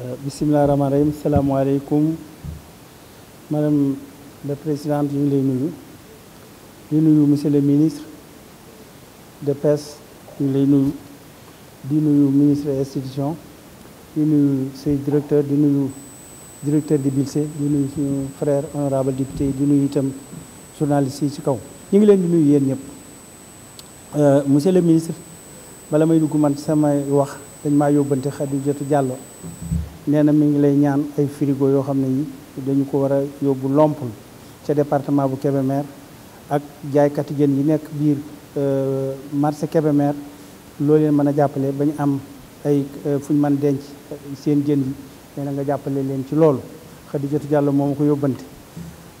Euh, ar-Rahman ar rahim Salam alaikum. madame la présidente ñu ngi lay monsieur le ministre de pêche ñu ngi lay nuyu di ministre institution di nuyu say directeur di nuyu directeur de Bilsé di nuyu frère honorable député di nuyu journaliste ici. ci kaw ñu ngi leen di nuyu yéen ñëpp euh, monsieur le ministre bala may dugg man samay wax dañ maa yóbbante Khadijatu Diallo nee na mi ngi lay ñaan ay frigo yoo xam ne yi dañu ko war a yóbbu Lompoul ca département bu Kébémer ak jaaykati jën yi nekk biir euh, marché Kébémer loo leen mën a jàppale ba ñu am ay euh, fu ñu mën denc seen jën yi nee nga jàppale leen ci loolu Xadijatu Jàllo moo ma ko yóbbante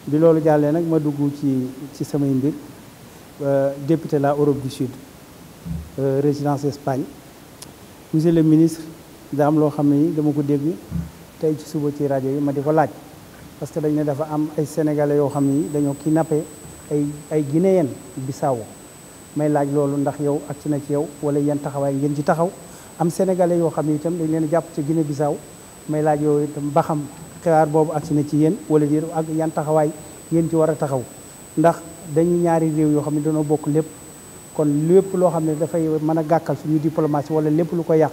bi loolu jàllee nag ma dugg ci ci samay mbir euh, député la Europe du Sud résidence Espagne monsieur le ministre daa am loo xam ne dama ko dégg tey ci suba ci rajo yi ma di ko laaj parce que dañ ne dafa am ay sénégalais yoo xam ni dañoo kidnappé ay ay guinéen Bissau may laaj loolu ndax yow ak ci na ci yow wala yan taxawaay ngeen ci taxaw am sénégalais yoo xam ne itam dañ leen jàpp ci Guinée Bissau may laaj yow ba xam xibaar boobu ak ci na ci yéen wala déet ak yan taxawaay ngeen ci war a taxaw ndax dañu ñaari réew yoo xam ne dañoo bokk lépp kon lépp loo xam ne dafay mën a gàkkal suñu diplomatie wala lépp lu ko yàq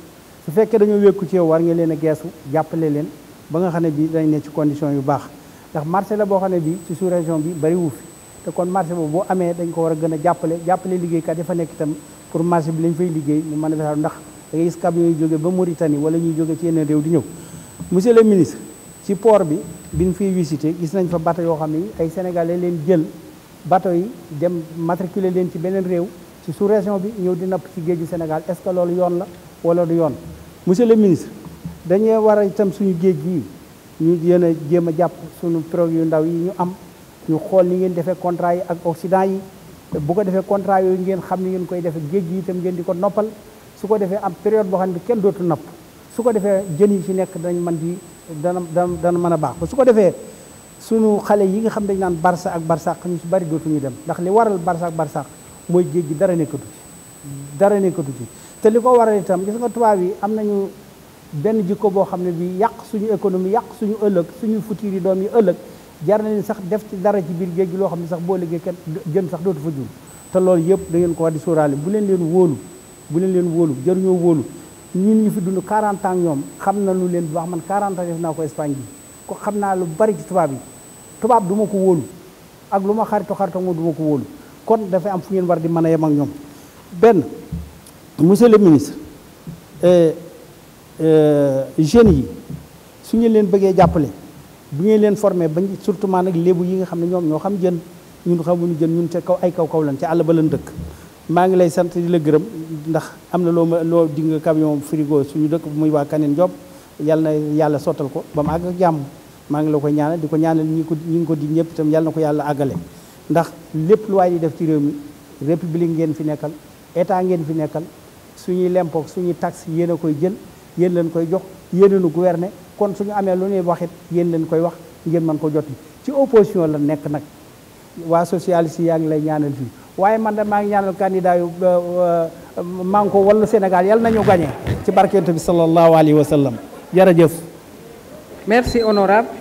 su fekkee dañoo wékku ci yow war nga leen a geesu jàppale leen ba nga xam ne bii dañ ne ci condition yu baax ndax marché la boo xam ne bii ci sous région bi bari wu fi te kon marché boobu boo amee dañ ko war a gën a jàppale jàppale liggéeykat yi fa nekk itam pour marché bi lañ fay liggéey ñu mën a fexe ndax da ngay gis camion yu jóge ba Mauritanie wala ñuy jóge ci yeneen réew di ñëw monsieur le ministre ci port bi biñ fiy visité gis nañ fa bateau yoo xam ne ay sénégalais leen jël bateau yi dem matriculer leen ci beneen réew ci sous région bi ñëw di napp ci géeju Sénégal est-ce que loolu yoon la wala du yoon monsieur le ministre dañuy war a itam suñu géej gi ñu yéen a jéem a jàpp suñu preuve yu ndaw yi ñu am ñu xool ni ngeen defee contrat yi ak Occident yi bu ko defee contrat yooyu ngeen xam ni ngeen koy defee géej gi ngeen di ko noppal su ko defee période boo xam ne kenn dootu napp su ko defee jën yi ci nekk dañ mën di dana dana dana mën a baax ba su ko defee suñu xale yi nga xam dañ naan barsa ak barsàq ñu si bari dootuñu dem ndax li waral barsa ak barsàq mooy géej gi dara nekkatu ci dara nekkatu ci te li ko waral itam gis nga tubaab yi am nañu benn jikko boo xam ne bi yàq suñu économie yàq suñu ëllëg suñu futur yi doom yi ëllëg jar na sax def ci dara ci biir géej gi loo xam ne sax boo liggéey kenn jën sax dootu fa jur te loolu yëpp da ngeen ko war di sóoraale bu leen leen wóolu bu leen leen wóolu jaruñoo wóolu ñun ñu fi dund 40 ans ñoom xam na lu leen bu baax man 40 ans def naa ko Espagne bi ko xam naa lu bari ci tubaab yi tubaab duma ko wóolu ak lu ma xarito xarito moom du ma ko wóolu kon dafay am fu ngeen war di mën a yem ak ñoom benn monsieur le ministre euh, euh, jeunes yi su ngeen leen bëggee jàppale bu ngeen leen formé bañ surtout maa nag lébu yi nga xam ne ñoom ñoo xam jën ñun xamuñu jën ñun ca kaw ay kaw kaw lan ci àll ba lan dëkk maa ngi lay sant di la gërëm ndax am na loo ma loo dig nga camion frigo suñu dëkk muy waa Kaneen Diop yàlla na yàlla sottal ko ba mu àgg jàmm maa ngi la koy ñaanal di ko ñaanal ñi ko ñi ngi ko di ñëpp itam yàlla ko yàlla àggale ndax lépp lu waay di def ci réew mi république ngeen fi nekkal état ngeen fi nekkal suñuy lempoog suñuy taxe yéen a koy jën yéen leen koy jox yéen nu gouverner kon suñu amee lu ñuy waxit yéen leen koy wax ngeen mën ko joti ci opposition la nekk nag waa socialiste yaa ngi lay ñaanal fii waaye man da maa ngi ñaanal candidat yu euh, euh, maa ngi ko wallu Sénégal yal nañu gagné ci barkent bi sallallahu alayhi wa sallam jërëjëf merci honorable